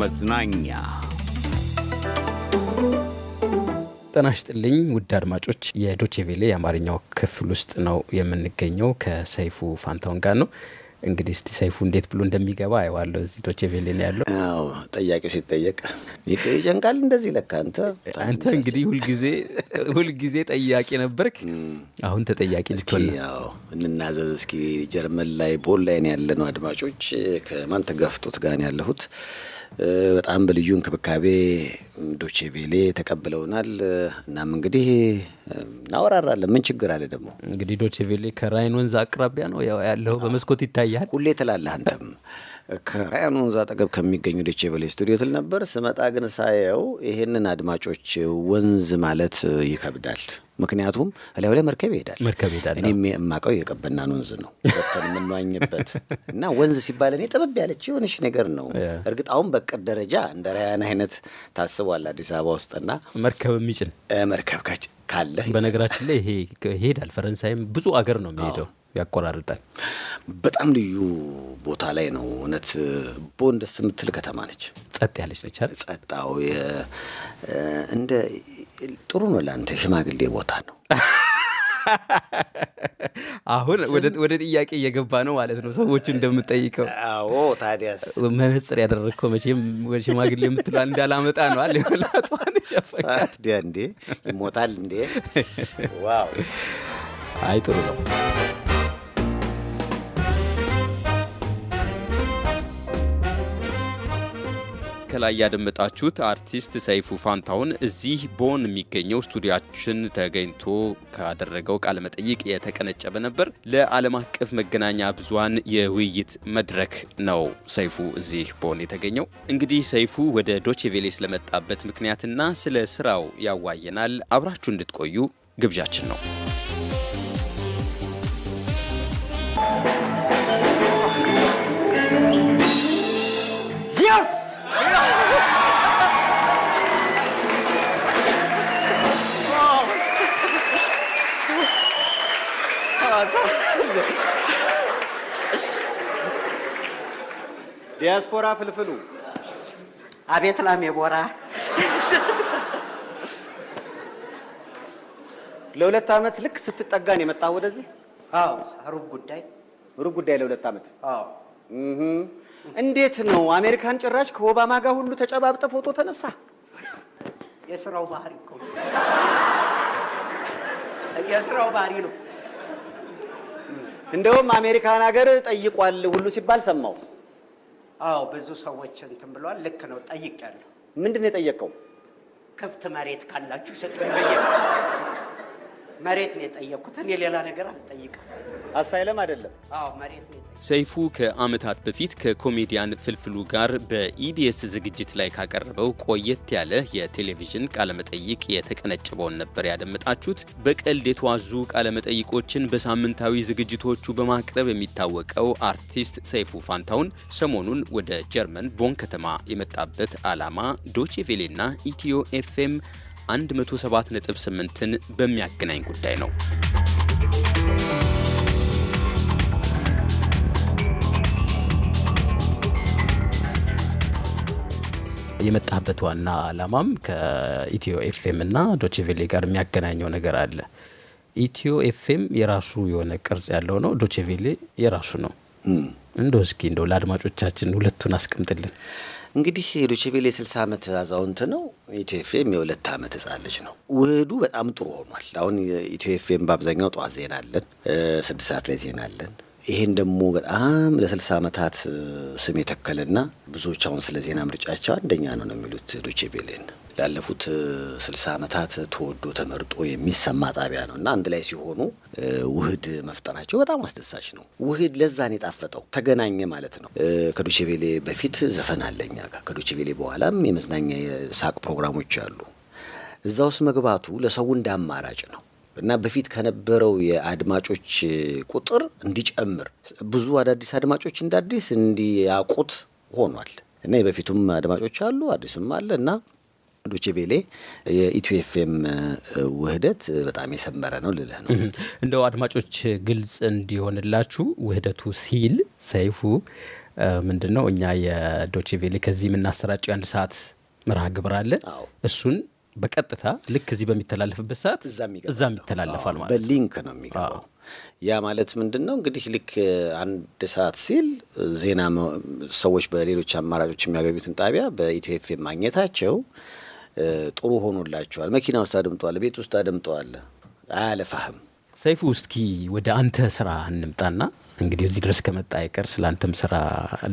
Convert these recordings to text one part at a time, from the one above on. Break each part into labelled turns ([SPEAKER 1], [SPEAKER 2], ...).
[SPEAKER 1] መዝናኛ ጤና ይስጥልኝ ውድ አድማጮች፣ የዶችቬሌ የአማርኛው ክፍል ውስጥ ነው የምንገኘው። ከሰይፉ ፋንታውን ጋር ነው። እንግዲህ እስቲ ሰይፉ እንዴት ብሎ እንደሚገባ አይዋለሁ። እዚህ ዶችቬሌ ነው ያለው። አዎ ጠያቂው ሲጠየቅ ይጨንቃል። እንደዚህ ለካ አንተ አንተ እንግዲህ ሁልጊዜ ሁልጊዜ ጠያቂ ነበርክ፣ አሁን
[SPEAKER 2] ተጠያቂ ልትሆን ነው። እንናዘዝ እስኪ። ጀርመን ላይ ቦል ላይ ነው ያለነው አድማጮች። ከማን ተጋፍጦት ጋር ያለሁት በጣም በልዩ እንክብካቤ ዶቼ ቬሌ ተቀብለውናል። እናም እንግዲህ እናወራራለን። ምን ችግር አለ ደግሞ
[SPEAKER 1] እንግዲህ ዶቼ ቬሌ ከራይን ወንዝ አቅራቢያ ነው ያለው፣ በመስኮት ይታያል ሁሌ ትላለህ አንተም
[SPEAKER 2] ከራያን ወንዝ አጠገብ ከሚገኙ ዶቼቬሌ ስቱዲዮ ትል ነበር። ስመጣ ግን ሳየው ይህንን አድማጮች ወንዝ ማለት ይከብዳል። ምክንያቱም እላዩ ላይ መርከብ ይሄዳል፣ መርከብ ይሄዳል። እኔም የማውቀው የቀበናን ወንዝ ነው ወጥተን የምንዋኝበት እና ወንዝ ሲባል እኔ ጥበብ ያለች የሆነች ነገር ነው። እርግጥ አሁን በቅድ ደረጃ እንደ ራያን አይነት ታስቧል አዲስ
[SPEAKER 1] አበባ ውስጥና መርከብ የሚጭን መርከብ ካለ በነገራችን ላይ ይሄ ይሄዳል። ፈረንሳይም ብዙ አገር ነው የሚሄደው ያቆራርጣል።
[SPEAKER 2] በጣም ልዩ ቦታ ላይ ነው። እውነት ቦን ደስ የምትል ከተማ ነች። ጸጥ ያለች ነች። ጸጣው እንደ ጥሩ ነው። ለአንተ የሽማግሌ ቦታ ነው።
[SPEAKER 1] አሁን ወደ ጥያቄ እየገባ ነው ማለት ነው። ሰዎቹ እንደምጠይቀው አዎ፣ ታዲያስ መነጽር ያደረግከው መቼም ሽማግሌ የምትለው እንዳላመጣ ነው አለ ላጧን ሸፈቃዲያ
[SPEAKER 2] እንዴ ይሞታል እንዴ? ዋው!
[SPEAKER 1] አይ ጥሩ ነው። ከላይ ያደመጣችሁት አርቲስት ሰይፉ ፋንታሁን እዚህ ቦን የሚገኘው ስቱዲያችን ተገኝቶ ካደረገው ቃለ መጠይቅ የተቀነጨበ ነበር። ለዓለም አቀፍ መገናኛ ብዙሃን የውይይት መድረክ ነው ሰይፉ እዚህ ቦን የተገኘው። እንግዲህ ሰይፉ ወደ ዶቼቬሌ ስለመጣበት ምክንያትና ስለ ስራው ያዋየናል። አብራችሁ እንድትቆዩ ግብዣችን ነው።
[SPEAKER 2] ዲያስፖራ ፍልፍሉ አቤት ላሜ ቦራ ለሁለት ዓመት ልክ ስትጠጋን የመጣ ወደዚህ? አዎ፣ ሩብ ጉዳይ ሩብ ጉዳይ ለሁለት ዓመት። አዎ። እንዴት ነው አሜሪካን ጭራሽ ከኦባማ ጋር ሁሉ ተጨባብጠ ፎቶ ተነሳ? የስራው ባህሪ እኮ የስራው ባህሪ ነው። እንደውም አሜሪካን ሀገር ጠይቋል ሁሉ ሲባል ሰማው። አዎ ብዙ ሰዎች እንትን ብለዋል። ልክ ነው። ጠይቅ ያለሁ ምንድን ነው የጠየቀው? ክፍት መሬት ካላችሁ ስጡኝ መሬት ነው የጠየቅኩት። እኔ ሌላ ነገር አልጠይቅም። አሳይለም አይደለም። አዎ መሬት ነው።
[SPEAKER 1] ሰይፉ ከአመታት በፊት ከኮሜዲያን ፍልፍሉ ጋር በኢቢኤስ ዝግጅት ላይ ካቀረበው ቆየት ያለ የቴሌቪዥን ቃለመጠይቅ የተቀነጨበውን ነበር ያደመጣችሁት። በቀልድ የተዋዙ ቃለመጠይቆችን በሳምንታዊ ዝግጅቶቹ በማቅረብ የሚታወቀው አርቲስት ሰይፉ ፋንታውን ሰሞኑን ወደ ጀርመን ቦን ከተማ የመጣበት ዓላማ ዶቼ ቬሌና ኢትዮ ኤፍኤም 107.8ን በሚያገናኝ ጉዳይ ነው። የመጣበት ዋና ዓላማም ከኢትዮ ኤፍኤም እና ዶችቬሌ ጋር የሚያገናኘው ነገር አለ። ኢትዮ ኤፍኤም የራሱ የሆነ ቅርጽ ያለው ነው። ዶቼቬሌ የራሱ ነው። እንደ እስኪ እንደው ለአድማጮቻችን ሁለቱን አስቀምጥልን።
[SPEAKER 2] እንግዲህ የዶችቬሌ ስልሳ ዓመት አዛውንት ነው። ኢትዮኤፍኤም የሁለት ዓመት ሕፃን ልጅ ነው። ውህዱ በጣም ጥሩ ሆኗል። አሁን ኢትዮኤፍኤም በአብዛኛው ጠዋት ዜና አለን፣ ስድስት ሰዓት ላይ ዜና አለን። ይሄን ደግሞ በጣም ለስልሳ ዓመታት ስም የተከለና ብዙዎች አሁን ስለ ዜና ምርጫቸው አንደኛ ነው ነው የሚሉት ዶችቬሌን ላለፉት ስልሳ ዓመታት ተወዶ ተመርጦ የሚሰማ ጣቢያ ነው እና አንድ ላይ ሲሆኑ ውህድ መፍጠራቸው በጣም አስደሳች ነው። ውህድ ለዛን የጣፈጠው ተገናኘ ማለት ነው። ከዶቼቬሌ በፊት ዘፈን አለኛ ጋር ከዶቼቬሌ በኋላም የመዝናኛ የሳቅ ፕሮግራሞች አሉ። እዛ ውስጥ መግባቱ ለሰው እንደ አማራጭ ነው እና በፊት ከነበረው የአድማጮች ቁጥር እንዲጨምር ብዙ አዳዲስ አድማጮች እንደ አዲስ እንዲያውቁት ሆኗል እና የበፊቱም አድማጮች አሉ፣ አዲስም አለ እና ዶቼቬሌ የኢትዮ ኤፍኤም ውህደት በጣም የሰመረ ነው ልልህ ነው።
[SPEAKER 1] እንደው አድማጮች ግልጽ እንዲሆንላችሁ ውህደቱ ሲል ሰይፉ ምንድን ነው? እኛ የዶቼቬሌ ከዚህ የምናሰራጨው የአንድ ሰዓት መርሃ ግብር አለ። እሱን በቀጥታ ልክ እዚህ በሚተላለፍበት ሰዓት እዛም ይተላለፋል ማለት በሊንክ ነው የሚገባው።
[SPEAKER 2] ያ ማለት ምንድን ነው እንግዲህ ልክ አንድ ሰዓት ሲል ዜና ሰዎች በሌሎች አማራጮች የሚያገኙትን ጣቢያ በኢትዮ ኤፍኤም ማግኘታቸው ጥሩ ሆኖላቸዋል። መኪና ውስጥ አድምጠዋል፣ ቤት ውስጥ አድምጠዋል። አያለፋህም።
[SPEAKER 1] ሰይፉ እስኪ ወደ አንተ ስራ እንምጣና እንግዲህ እዚህ ድረስ ከመጣ አይቀር ስለ አንተም ስራ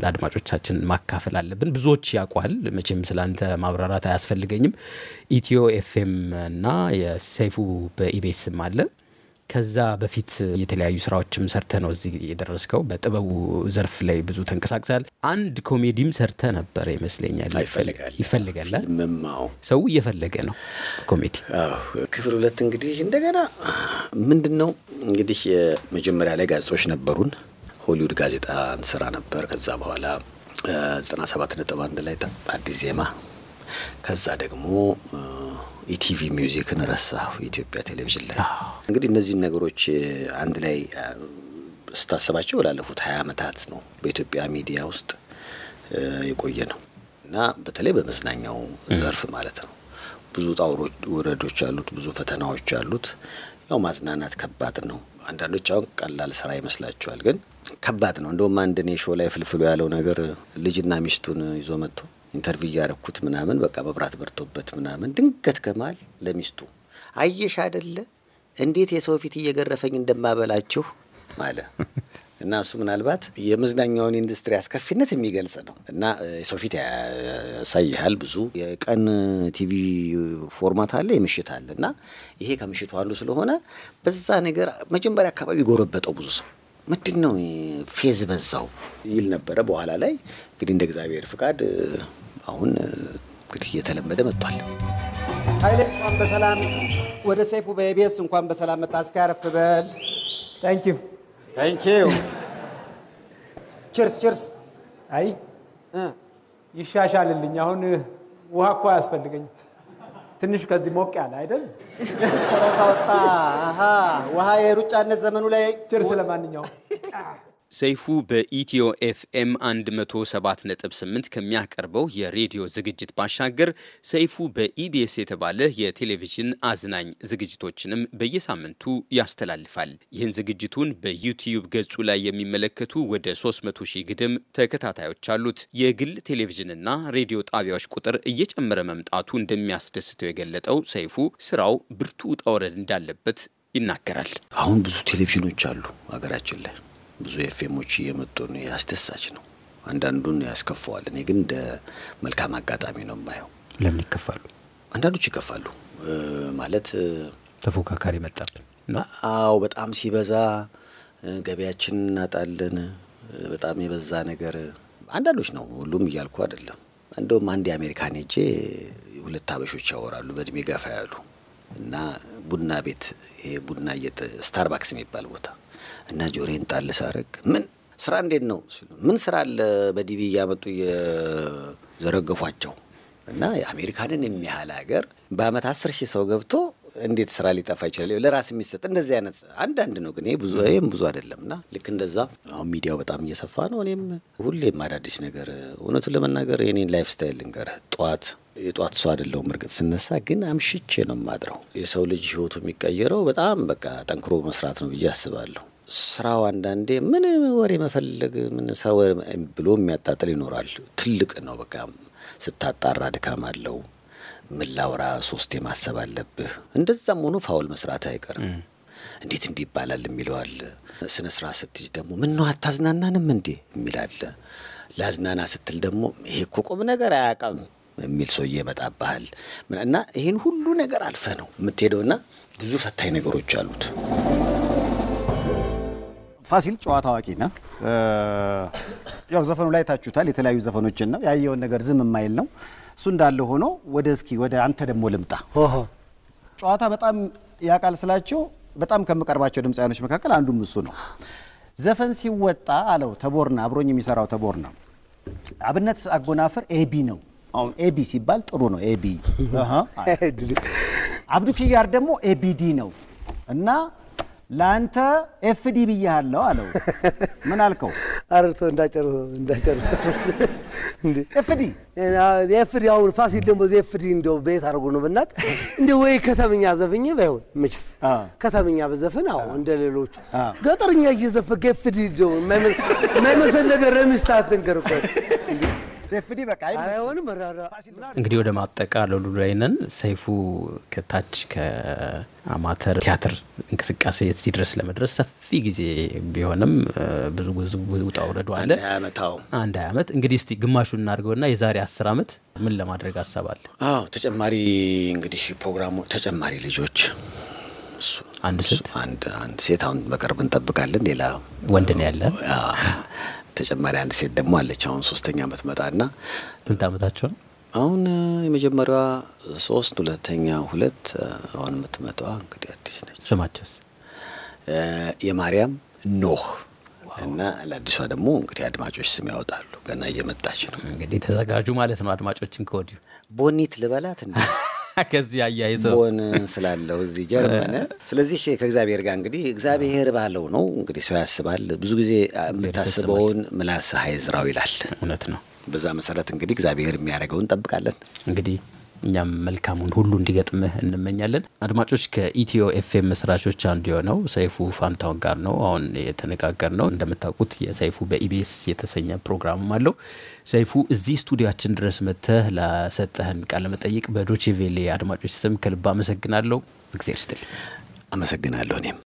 [SPEAKER 1] ለአድማጮቻችን ማካፈል አለብን። ብዙዎች ያውቋል መቼም ስለ አንተ ማብራራት አያስፈልገኝም። ኢትዮ ኤፍኤም እና የሰይፉ በኢቤስም አለ ከዛ በፊት የተለያዩ ስራዎችም ሰርተ ነው እዚህ የደረስከው። በጥበቡ ዘርፍ ላይ ብዙ ተንቀሳቅሳል። አንድ ኮሜዲም ሰርተ ነበረ ይመስለኛል። ይፈልጋል ሰው እየፈለገ ነው ኮሜዲ
[SPEAKER 2] ክፍል ሁለት። እንግዲህ እንደገና ምንድን ነው እንግዲህ የመጀመሪያ ላይ ጋዜጦች ነበሩን። ሆሊውድ ጋዜጣ እንስራ ነበር። ከዛ በኋላ 97 ነጥብ አንድ ላይ አዲስ ዜማ፣ ከዛ ደግሞ የቲቪ ሚውዚክን ረሳሁ። የኢትዮጵያ ቴሌቪዥን ላይ እንግዲህ እነዚህን ነገሮች አንድ ላይ ስታስባቸው ላለፉት ሀያ ዓመታት ነው በኢትዮጵያ ሚዲያ ውስጥ የቆየ ነው እና በተለይ በመዝናኛው ዘርፍ ማለት ነው ብዙ ውጣ ውረዶች አሉት፣ ብዙ ፈተናዎች አሉት። ያው ማዝናናት ከባድ ነው። አንዳንዶች አሁን ቀላል ስራ ይመስላቸዋል፣ ግን ከባድ ነው። እንደውም አንድ እኔ ሾው ላይ ፍልፍሉ ያለው ነገር ልጅና ሚስቱን ይዞ መጥቶ ኢንተርቪው እያረኩት ምናምን በቃ መብራት በርቶበት ምናምን ድንገት ከማል ለሚስቱ አየሽ አደለ እንዴት የሰው ፊት እየገረፈኝ እንደማበላችሁ ማለ እና እሱ ምናልባት የመዝናኛውን ኢንዱስትሪ አስከፊነት የሚገልጽ ነው እና የሰው ፊት ያሳይሃል። ብዙ የቀን ቲቪ ፎርማት አለ፣ የምሽት አለ እና ይሄ ከምሽቱ አንዱ ስለሆነ በዛ ነገር መጀመሪያ አካባቢ ጎረበጠው ብዙ ሰው ምንድን ነው ፌዝ በዛው ይል ነበረ። በኋላ ላይ እንግዲህ እንደ እግዚአብሔር ፍቃድ አሁን እንግዲህ እየተለመደ መጥቷል። ኃይሌ እንኳን በሰላም ወደ ሰይፉ በኢቢኤስ እንኳን በሰላም መጣ። እስኪ ያረፍ በል።
[SPEAKER 1] ታንኪዩ ታንኪዩ። ችርስ ችርስ። አይ ይሻሻልልኝ። አሁን ውሃ እኮ አያስፈልገኝም።
[SPEAKER 2] ትንሽ ከዚህ ሞቅ ያለ አይደል? ወጣ ውሃ የሩጫነት ዘመኑ ላይ ችር ስለማንኛውም
[SPEAKER 1] ሰይፉ በኢትዮ ኤፍኤም 178 ከሚያቀርበው የሬዲዮ ዝግጅት ባሻገር ሰይፉ በኢቢኤስ የተባለ የቴሌቪዥን አዝናኝ ዝግጅቶችንም በየሳምንቱ ያስተላልፋል። ይህን ዝግጅቱን በዩቲዩብ ገጹ ላይ የሚመለከቱ ወደ 300 ሺህ ግድም ተከታታዮች አሉት። የግል ቴሌቪዥንና ሬዲዮ ጣቢያዎች ቁጥር እየጨመረ መምጣቱ እንደሚያስደስተው የገለጠው ሰይፉ ስራው ብርቱ ውጣ ውረድ እንዳለበት ይናገራል።
[SPEAKER 2] አሁን ብዙ ቴሌቪዥኖች አሉ ሀገራችን ላይ
[SPEAKER 1] ብዙ ኤፍኤሞች እየመጡ ነው። ያስደሳች ነው። አንዳንዱን
[SPEAKER 2] ያስከፋዋል። እኔ ግን እንደ መልካም አጋጣሚ ነው የማየው። ለምን ይከፋሉ? አንዳንዶች ይከፋሉ ማለት ተፎካካሪ መጣብን። አዎ በጣም ሲበዛ ገበያችን እናጣለን። በጣም የበዛ ነገር አንዳንዶች ነው፣ ሁሉም እያልኩ አይደለም። እንደውም አንድ የአሜሪካን ሄጄ ሁለት አበሾች ያወራሉ በእድሜ ገፋ ያሉ እና ቡና ቤት ይሄ ቡና ስታርባክስ የሚባል ቦታ እና ጆሬን ጣል ሳረግ ምን ስራ እንዴት ነው ሲሉ ምን ስራ አለ በዲቪ እያመጡ የዘረገፏቸው እና የአሜሪካንን የሚያህል ሀገር በአመት አስር ሺህ ሰው ገብቶ እንዴት ስራ ሊጠፋ ይችላል? ለራስ የሚሰጥ እንደዚህ አይነት አንዳንድ ነው፣ ግን ብዙ ይህም ብዙ አይደለም። እና ልክ እንደዛ አሁን ሚዲያው በጣም እየሰፋ ነው። እኔም ሁሌም አዳዲስ ነገር እውነቱን ለመናገር የኔን ላይፍ ስታይል ልንገር፣ ጠዋት የጠዋት ሰው አይደለሁም። እርግጥ ስነሳ ግን አምሽቼ ነው የማድረው። የሰው ልጅ ህይወቱ የሚቀየረው በጣም በቃ ጠንክሮ መስራት ነው ብዬ አስባለሁ። ስራው አንዳንዴ ምን ወሬ መፈለግ ምን ሰው ብሎ የሚያጣጥል ይኖራል። ትልቅ ነው። በቃ ስታጣራ ድካም አለው። ምላውራ ሶስቴ ማሰብ አለብህ። እንደዛም ሆኖ ፋውል መስራት አይቀርም። እንዴት እንዲህ ይባላል የሚለዋል። ስነ ስራ ስትጅ ደግሞ ምን ነው አታዝናናንም እንዴ የሚላለ። ላዝናና ስትል ደግሞ ይሄ እኮ ቁም ነገር አያውቅም የሚል ሰውዬ ይመጣብሃል እና ይህን ሁሉ ነገር አልፈ ነው የምትሄደውና ብዙ ፈታኝ ነገሮች አሉት። ፋሲል ጨዋታ አዋቂ ነ ያው ዘፈኑ ላይ ታችሁታል። የተለያዩ ዘፈኖችን ነው ያየውን ነገር ዝም የማይል ነው። እሱ እንዳለ ሆኖ ወደ እስኪ ወደ አንተ ደግሞ ልምጣ። ጨዋታ በጣም ያውቃል ስላቸው በጣም ከምቀርባቸው ድምፃያኖች መካከል አንዱም እሱ ነው። ዘፈን ሲወጣ አለው ተቦርና አብሮኝ የሚሰራው ተቦርና አብነት አጎናፍር ኤቢ ነው። አሁን ኤቢ ሲባል ጥሩ ነው። ኤቢ አብዱ ደግሞ ኤቢዲ ነው እና ለአንተ ኤፍዲ ብያለሁ አለው። ምን አልከው? አርቶ እንዳጨርሰው እንዳጨርሰው ኤፍዲ ኤፍዲ አሁን ፋሲል ደግሞ ኤፍዲ እንደው ቤት አድርጎ ነው በእናት እንደ ወይ ከተምኛ ዘፍኝ ባይሆን ምችስ ከተምኛ በዘፍን አዎ፣ እንደ ሌሎቹ ገጠርኛ እየዘፈንክ ኤፍዲ እንደው የማይመስል ነገር ለሚስት አትንገር እኮ
[SPEAKER 1] እንግዲህ ወደ ማጠቃለሉ ላይ ነን። ሰይፉ ከታች ከአማተር ቲያትር እንቅስቃሴ እዚህ ድረስ ለመድረስ ሰፊ ጊዜ ቢሆንም ብዙ ውጣ ውረዱ አለ። አንድ ሀያ ዓመት እንግዲህ እስቲ ግማሹን እናድርገውና የዛሬ አስር ዓመት ምን ለማድረግ አሰባለ? አዎ ተጨማሪ
[SPEAKER 2] እንግዲህ ፕሮግራሙ ተጨማሪ ልጆች አንድ ሴት አንድ ሴት አሁን በቅርብ እንጠብቃለን። ሌላ ወንድ ነው ያለ ተጨማሪ አንድ ሴት ደግሞ አለች። አሁን ሶስተኛ ዓመት መጣና ስንት ዓመታቸው ነው? አሁን የመጀመሪያዋ ሶስት ሁለተኛ ሁለት አሁን የምትመጣዋ እንግዲህ አዲስ ነች። ስማቸውስ የማርያም ኖህ እና ለአዲሷ ደግሞ እንግዲህ አድማጮች ስም ያወጣሉ። ገና
[SPEAKER 1] እየመጣች ነው። እንግዲህ ተዘጋጁ ማለት ነው አድማጮችን ከወዲሁ
[SPEAKER 2] ቦኒት ልበላት እንደ ከዚህ
[SPEAKER 1] አያይዘው ቦን ስላለው እዚህ ጀርመን።
[SPEAKER 2] ስለዚህ ከእግዚአብሔር ጋር እንግዲህ እግዚአብሔር ባለው ነው እንግዲህ ሰው ያስባል። ብዙ ጊዜ የምታስበውን ምላስ ሀይዝራው ይላል። እውነት
[SPEAKER 1] ነው። በዛ መሰረት እንግዲህ እግዚአብሔር የሚያደርገውን እንጠብቃለን እንግዲህ እኛም መልካሙን ሁሉ እንዲገጥምህ እንመኛለን። አድማጮች ከኢትዮ ኤፍኤም መስራቾች አንዱ የሆነው ሰይፉ ፋንታውን ጋር ነው አሁን የተነጋገር ነው። እንደምታውቁት የሰይፉ በኢቢኤስ የተሰኘ ፕሮግራምም አለው። ሰይፉ እዚህ ስቱዲያችን ድረስ መጥተህ ለሰጠህን ቃለመጠይቅ በዶቼ ቬሌ አድማጮች ስም ከልብ አመሰግናለሁ። እግዜር አመሰግናለሁ እኔም